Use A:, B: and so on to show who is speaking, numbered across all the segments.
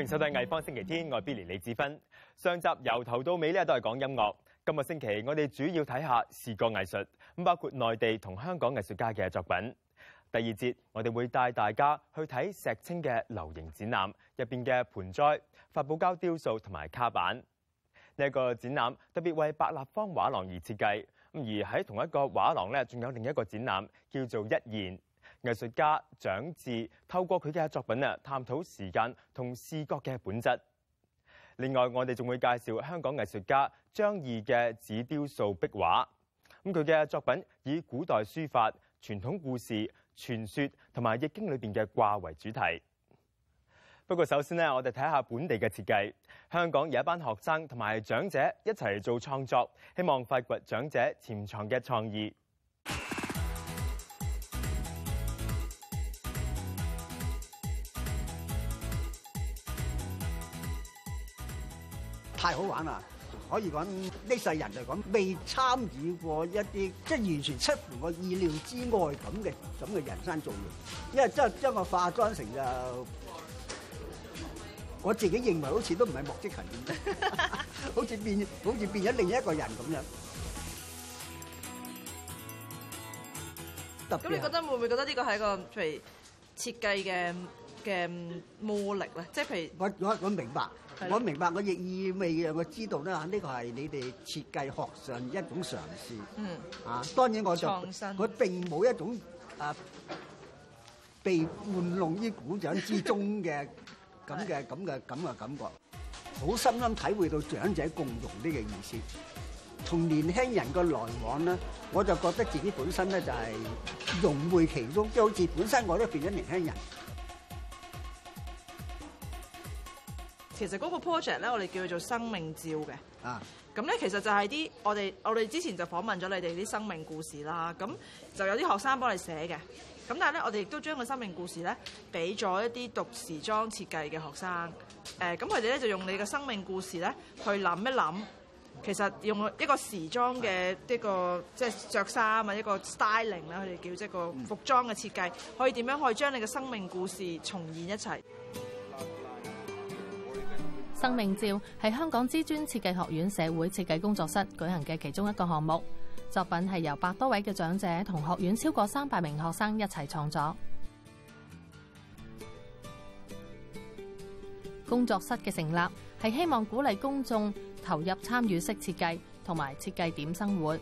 A: 歡迎收睇藝方星期天，我係 Billy 李智芬。上集由頭到尾咧都係講音樂，今日星期我哋主要睇下視覺藝術，咁包括內地同香港藝術家嘅作品。第二節我哋會帶大家去睇石青嘅流形展覽，入邊嘅盆栽、發泡膠雕塑同埋卡板。呢、這個展覽特別為白立方畫廊而設計，咁而喺同一個畫廊呢，仲有另一個展覽叫做一言。藝術家蔣志透過佢嘅作品啊，探討時間同視覺嘅本質。另外，我哋仲會介紹香港藝術家張義嘅紙雕塑壁畫。咁佢嘅作品以古代書法、傳統故事、傳說同埋《易經》裏邊嘅卦為主題。不過，首先呢，我哋睇下本地嘅設計。香港有一班學生同埋長者一齊做創作，希望發掘長者潛藏嘅創意。太好玩啦！可以講呢世人嚟講，未參與過一啲即係完全出乎我意料之外咁嘅咁嘅人生造型，因為將將我化妝成就我自己認為好似都唔係莫積勤咁，好似變好似變咗另一個人咁樣。咁你覺得
B: 會唔會覺得呢個係一個譬如設計嘅？嘅魔力咧，即係譬如我我我明白，我明白，
A: 我亦意味讓我知道咧，呢個係你哋設計學上一種嘗試。嗯，啊，當然我就創新，佢並冇一種啊被玩弄於股掌之中嘅咁嘅咁嘅咁嘅感覺。好深深體會到長者共融呢個意思，同年輕人個來往咧，我就覺得自己本身咧就係融會其中，即係好似本身我都變咗年輕人。
B: 其實嗰個 project 咧，我哋叫做生命照嘅。啊！咁咧，其實就係啲我哋我哋之前就訪問咗你哋啲生命故事啦。咁就有啲學生幫你寫嘅。咁但係咧，我哋亦都將個生命故事咧，俾咗一啲讀時裝設計嘅學生。誒，咁佢哋咧就用你嘅生命故事咧，去諗一諗。其實用一個時裝嘅一個即係着衫啊，一個,一個 styling 啦，佢哋叫即係個服裝嘅設計，可以點樣可以將你嘅生命故事重現一齊。
C: 生命照係香港知專設計學院社會設計工作室舉行嘅其中一個項目，作品係由百多位嘅長者同學院超過三百名學生一齊創作。工作室嘅成立係希望鼓勵公眾投入參與式設計同埋設計點生活，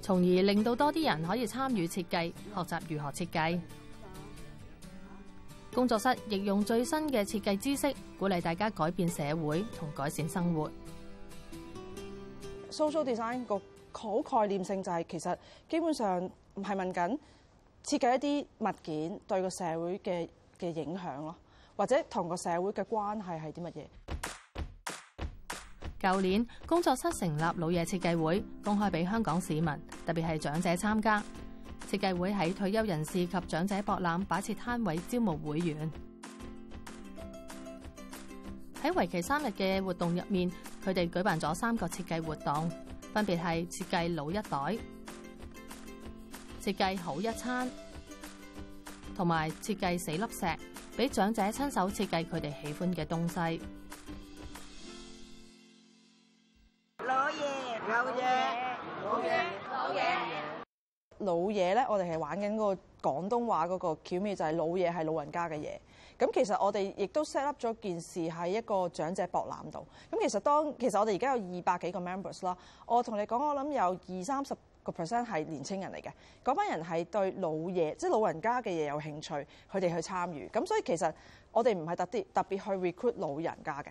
C: 從而令到多啲人可以參與設計，學習如何設計。工作室亦用最新嘅設計知識，鼓勵大家改變社會同改善生活。
B: Social Design 個好概念性就係，其實基本上唔係問緊設計一啲物件對個社會嘅嘅影響咯，或者同個社會嘅關係係啲乜嘢？
C: 舊年工作室成立老嘢設計會，公開俾香港市民，特別係長者參加。設計會喺退休人士及長者博覽擺設攤位招募會員，喺為期三日嘅活動入面，佢哋舉辦咗三個設計活動，分別係設計老一袋、設計好一餐，同埋設計四粒石，俾長者親手設計佢哋喜歡嘅東西。
B: 老嘢咧，我哋係玩緊個廣東話嗰個巧妙，就係老嘢係老人家嘅嘢。咁其實我哋亦都 set up 咗件事喺一個長者博覽度。咁其實當其實我哋而家有二百幾個 members 啦，我同你講，我諗有二三十個 percent 係年青人嚟嘅。嗰班人係對老嘢，即係老人家嘅嘢有興趣，佢哋去參與。咁所以其實我哋唔係特別特別去 recruit 老人家嘅。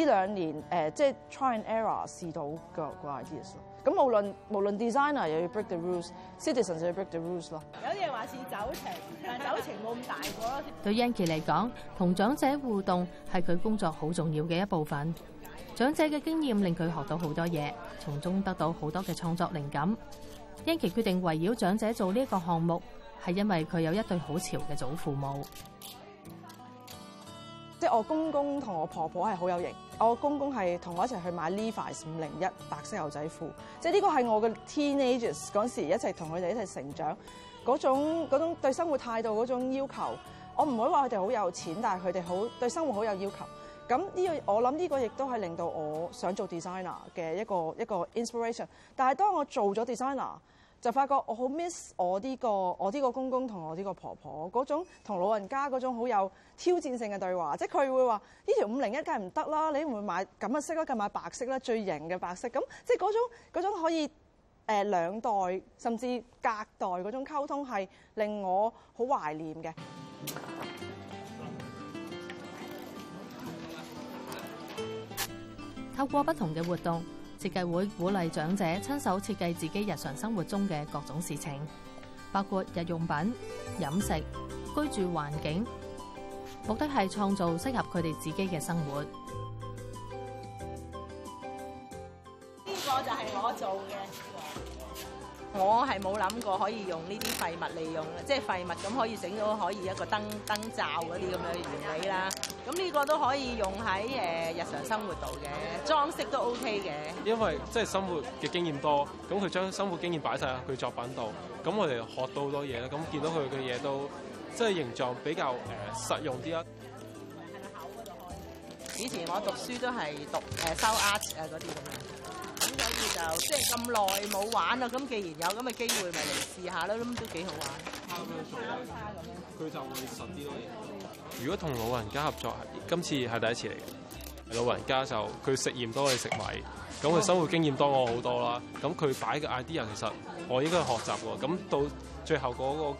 B: 呢兩年誒、呃，即係 try and error 試到腳個 ideas 咯。咁無論 designer 又要 break the rules，citizens 就要 break the rules 咯。有啲人話是走情，但走情冇咁大個。對 Enki 嚟講，
C: 同長者互動係佢工作好重要嘅一部分。長者嘅經驗令佢學到好多嘢，從中得到好多嘅創作靈感。Enki 決定圍繞長者做呢個項目，係因為佢有一對好潮嘅祖父母。
B: 即係我公公同我婆婆係好有型。我公公係同我一齊去買 Levi's 五零一白色牛仔褲，即係呢個係我嘅 teenagers 嗰陣時一齊同佢哋一齊成長嗰種嗰種對生活態度嗰種要求，我唔會話佢哋好有錢，但係佢哋好對生活好有要求。咁呢個我諗呢個亦都係令到我想做 designer 嘅一個一個 inspiration。但係當我做咗 designer。就發覺我好 miss 我呢個我呢個公公同我呢個婆婆嗰種同老人家嗰種好有挑戰性嘅對話，即係佢會話呢條五零一梗係唔得啦，你唔會買咁嘅色咧？梗係買白色啦，最型嘅白色。咁即係嗰種嗰種可以誒兩代甚至隔代嗰種溝通係令我好懷念嘅。透過不同嘅
C: 活動。設計會鼓勵長者親手設計自己日常生活中嘅各種事情，包括日用品、飲食、居住環境，目的係創造適合佢哋自己嘅生活。呢
D: 個
B: 就係我做嘅。我係冇諗過可以用呢啲廢物利用，即係廢物咁可以整到可以一個燈燈罩嗰啲咁樣嘅原理啦。咁呢個都可以用喺誒日常生活度嘅裝飾都 OK 嘅。
A: 因為即係生活嘅經驗多，咁佢將生活經驗擺曬去佢作品度，咁我哋學到好多嘢咧。咁見到佢嘅嘢都即係形狀比較誒實用啲啊。
B: 以前我讀書都係讀誒修 art 啊嗰啲咁樣，所以就即係咁耐冇玩啦，咁既然有咁嘅機會試，咪嚟試
D: 下啦，咁都幾好
A: 玩。啱佢就會實啲咯。如果同老人家合作，今次係第一次嚟嘅。老人家就佢食鹽多過你食米，咁佢生活經驗多我好多啦。咁佢擺嘅 idea 其實我應該學習喎。咁到最後嗰個誒、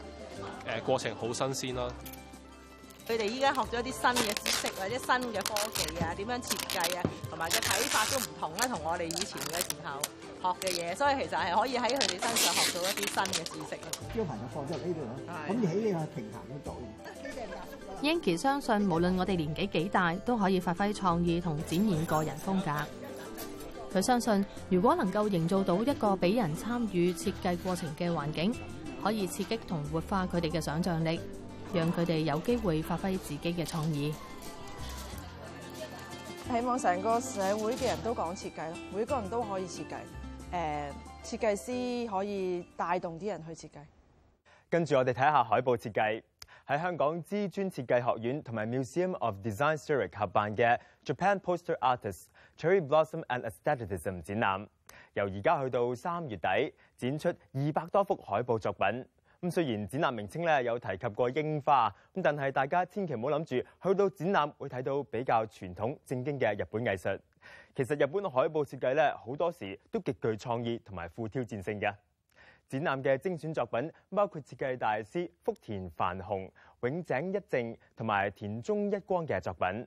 A: 呃、過程好新鮮啦。
B: 佢哋依家學咗一啲新嘅知識，或者新嘅科技啊，點樣設計啊，同埋嘅睇法都唔同啦，同我哋以前嘅時候學嘅嘢，所以其實係可以喺佢哋身上學到一啲新嘅知
A: 識咯。招牌嘅課就喺呢度咯，咁起呢個平衡嘅作用。
C: 英奇相信，無論我哋年紀幾大，都可以發揮創意同展現個人風格。佢相信，如果能夠營造到一個俾人參與設計過程嘅環境，可以刺激同活化佢哋嘅想像力。讓佢哋有機會發揮自己嘅創意，
B: 希望成個社會嘅人都講設計咯，每個人都可以設計。誒、呃，設計師可以帶動啲人去設計。
A: 跟住我哋睇下海報設計，喺香港知專設計學院同埋 Museum of Design Zurich 合辦嘅 Japan Poster Artists Cherry Blossom and Aestheticism 展覽，由而家去到三月底，展出二百多幅海報作品。咁雖然展覽名稱咧，有提及過櫻花，咁但係大家千祈唔好諗住去到展覽會睇到比較傳統正經嘅日本藝術，其實日本海報設計咧，好多時都極具創意同埋富挑戰性嘅。展覽嘅精選作品包括設計大師福田繁雄、永井一正同埋田中一光嘅作品。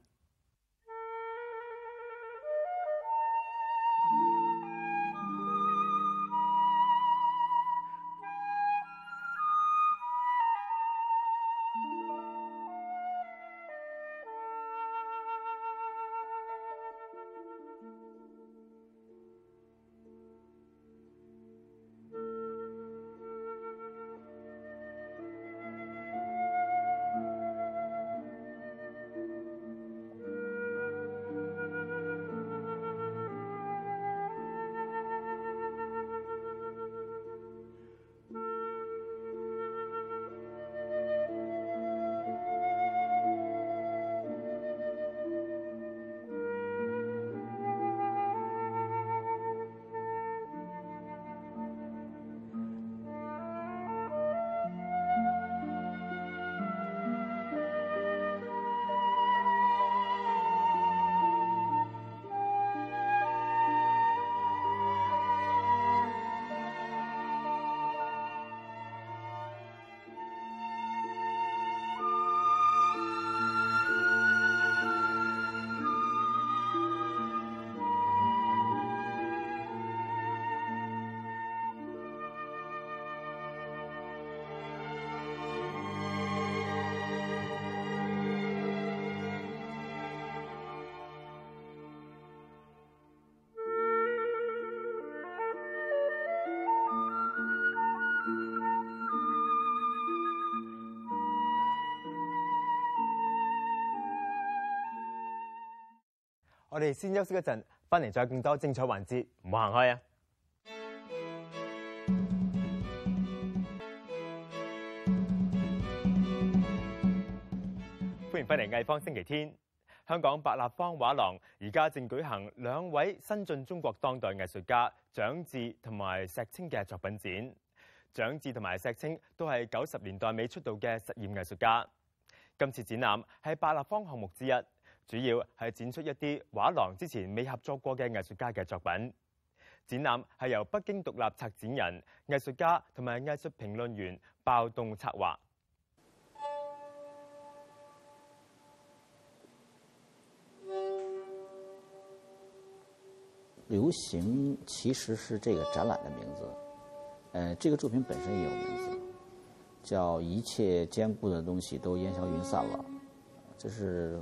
A: 我哋先休息一陣，翻嚟再有更多精彩環節，唔好行開啊！歡迎翻嚟《藝坊星期天》，香港百立方畫廊而家正舉行兩位新晉中國當代藝術家蔣志同埋石青嘅作品展。蔣志同埋石青都係九十年代尾出道嘅實驗藝術家，今次展覽係百立方項目之一。主要係展出一啲畫廊之前未合作過嘅藝術家嘅作品。展覽係由北京獨立策展人、藝術家同埋藝術評論員爆動策劃。
D: 流行其實是這個展覽的名字。誒，這個作品本身也有名字，叫《一切堅固的東西都煙消雲散了》，就是。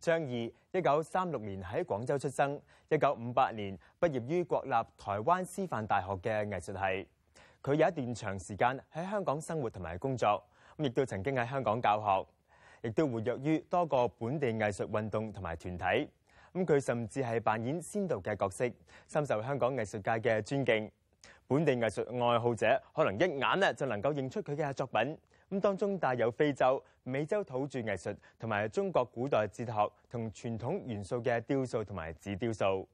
A: 張義，一九三六年喺廣州出生，一九五八年畢業於國立台灣師範大學嘅藝術系。佢有一段長時間喺香港生活同埋工作，咁亦都曾經喺香港教學，亦都活躍於多個本地藝術運動同埋團體。咁佢甚至係扮演先導嘅角色，深受香港藝術界嘅尊敬。本地藝術愛好者可能一眼就能夠認出佢嘅作品，咁當中帶有非洲。美洲土著藝術同埋中國古代哲學同傳統元素嘅雕塑同埋紙雕塑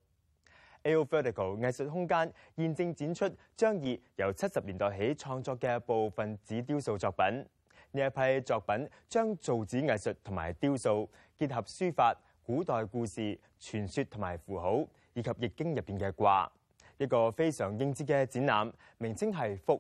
A: a o f r e d i c a l 藝術空間現正展出張義由七十年代起創作嘅部分紙雕塑作品。呢一批作品將造紙藝術同埋雕塑結合書法、古代故事、傳說同埋符號以及易經入邊嘅卦。一個非常應接嘅展覽名稱係《福》。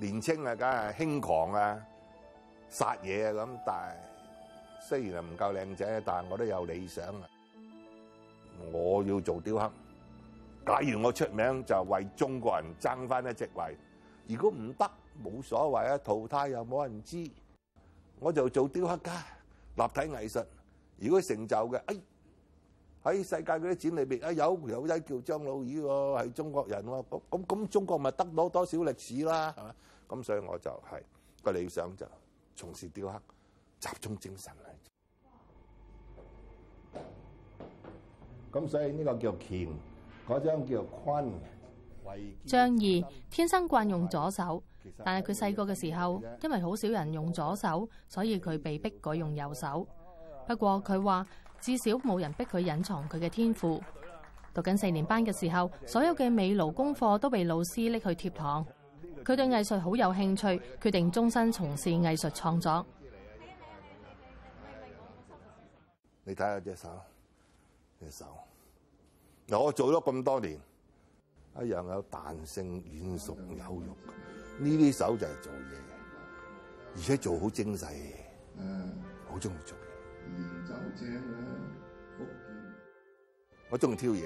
E: 年青啊，梗係輕狂啊，殺嘢啊咁，但係雖然係唔夠靚仔，但我都有理想啊！我要做雕刻。假如我出名，就為中國人爭翻一席位；如果唔得，冇所謂啊，淘汰又冇人知。我就做雕刻家，立體藝術。如果成就嘅，哎～喺世界嗰啲展裏邊，啊有有位叫張老義喎，係中國人喎，咁咁咁中國咪得到多少歷史啦，係嘛？咁所以我就係個理想就從事雕刻，集中精神嚟。咁所以呢個叫乾，嗰張叫坤。
C: 張義天生慣用左手，但係佢細個嘅時候，因為好少人用左手，所以佢被逼改用右手。不過佢話至少冇人逼佢隱藏佢嘅天賦。讀緊四年班嘅時候，所有嘅美勞功課都被老師拎去貼堂。佢對藝術好有興趣，決定終身從事藝術創作。
E: 你睇下隻手，隻手，我做咗咁多年，一樣有彈性、軟熟有肉。呢啲手就係做嘢，而且做好精細，好中意做。練走正啊！我中意挑嘢，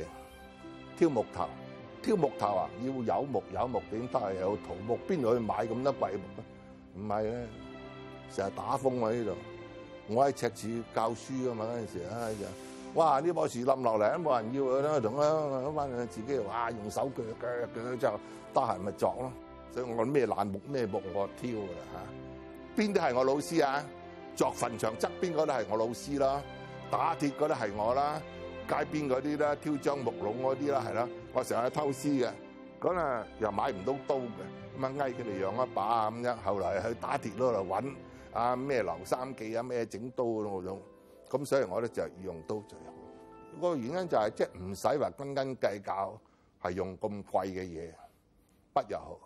E: 挑木頭，挑木頭啊！要有木有木點得啊？有桃木邊度去買咁多貴木啊？唔係咧，成日打風喺呢度，我喺赤柱教書啊嘛嗰陣時啊就，哇呢棵樹冧落嚟都冇人要佢啦，同啊，咁反正自己哇用手鋸鋸鋸就，得閒咪鑿咯，所以我咩爛木咩木我挑噶啦吓，邊啲係我老師啊？作墳場側邊嗰啲係我老師啦，打鐵嗰啲係我啦，街邊嗰啲咧挑樟木籠嗰啲啦係啦，我成日偷師嘅，咁啊又買唔到刀嘅，咁啊嗌佢哋讓一把啊咁樣，後嚟去打鐵嗰度揾，啊咩劉三記啊咩整刀嗰種，咁所以我咧就係用刀最好，個原因就係即係唔使話斤斤計較，係用咁貴嘅嘢，不入好，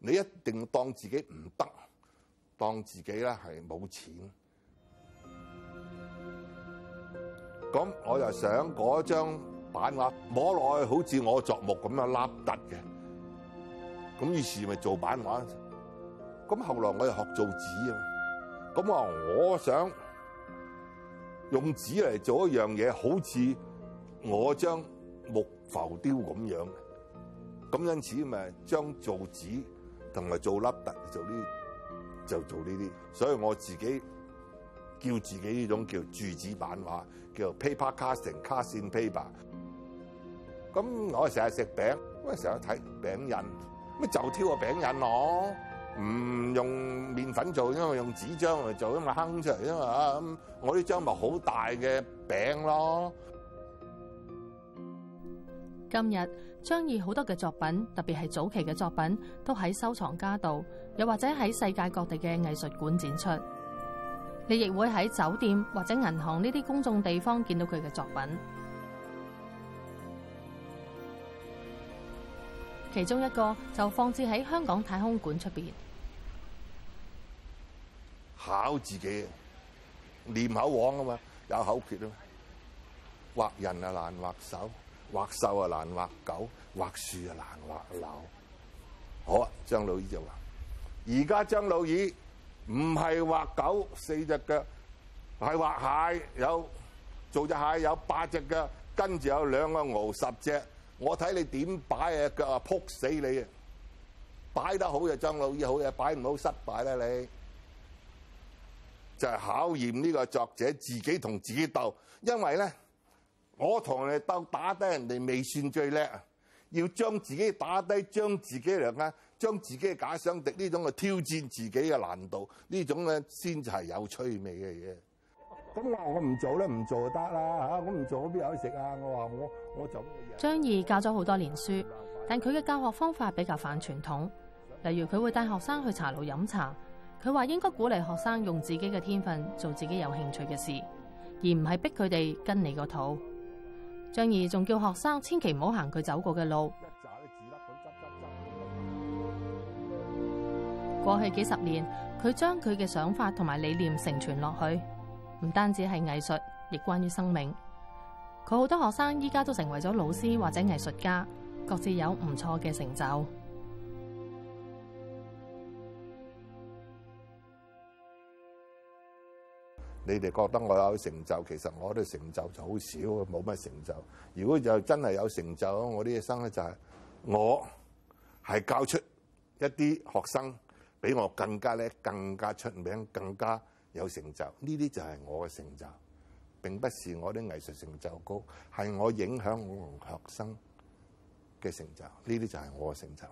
E: 你一定當自己唔得，當自己咧係冇錢。咁我就想嗰張板畫摸落去好似我作木咁樣凹凸嘅，咁於是咪做板畫。咁後來我又學做紙啊，咁啊我，我想用紙嚟做一樣嘢，好似我張木浮雕咁樣。咁因此咪將做紙同埋做凹凸做呢就做呢啲，所以我自己。叫自己呢種叫柱紙版畫，叫 paper casting，casting casting paper。咁我成日食餅，我成日睇餅印，咪就挑個餅印咯。唔用麵粉做，因為用紙張嚟做，因為坑出嚟，啫嘛。咁，我呢張咪好大嘅餅咯。
C: 今日張義好多嘅作品，特別係早期嘅作品，都喺收藏家度，又或者喺世界各地嘅藝術館展出。你亦會喺酒店或者銀行呢啲公眾地方見到佢嘅作品，其中一個就放置喺香港太空館出邊。
E: 考自己，念口簧啊嘛，有口訣啊嘛。畫人啊難畫手，畫獸啊難畫狗，畫樹啊難畫柳。好啊，張老二就話：而家張老二。唔係畫狗四隻腳，係畫蟹有做隻蟹有八隻腳，跟住有兩個牛十隻。我睇你點擺啊腳啊，撲死你啊！擺得好嘅張老二，好嘅，擺唔好失敗啦你。就係考驗呢個作者自己同自己鬥，因為咧，我同人哋鬥打低人哋未算最叻，要將自己打低，將自己量。將自己嘅假想敵呢種嘅挑戰自己嘅難度呢種咧，先係有趣味嘅嘢。咁我我唔做咧，唔做就得啦嚇！我唔做，我邊有得食啊？我話我我做。張義教咗好多年
C: 書，但佢嘅教學方法比較反傳統。例如佢會帶學生去茶樓飲茶。佢話應該鼓勵學生用自己嘅天分做自己有興趣嘅事，而唔係逼佢哋跟你個肚。張義仲叫學生千祈唔好行佢走過嘅路。過去幾十年，佢將佢嘅想法同埋理念承傳落去，唔單止係藝術，亦關於生命。佢好多學生依家都成為咗老師或者藝術家，各自有唔錯嘅成就。
E: 你哋覺得我有成就，其實我啲成就就好少，冇乜成就。如果就真係有成就，我呢一生咧就係，我係教出一啲學生。比我更加叻更加出名，更加有成就，呢啲就係我嘅成就。並不是我啲藝術成就高，係我影響我同學生嘅成就。呢啲就係我嘅成就。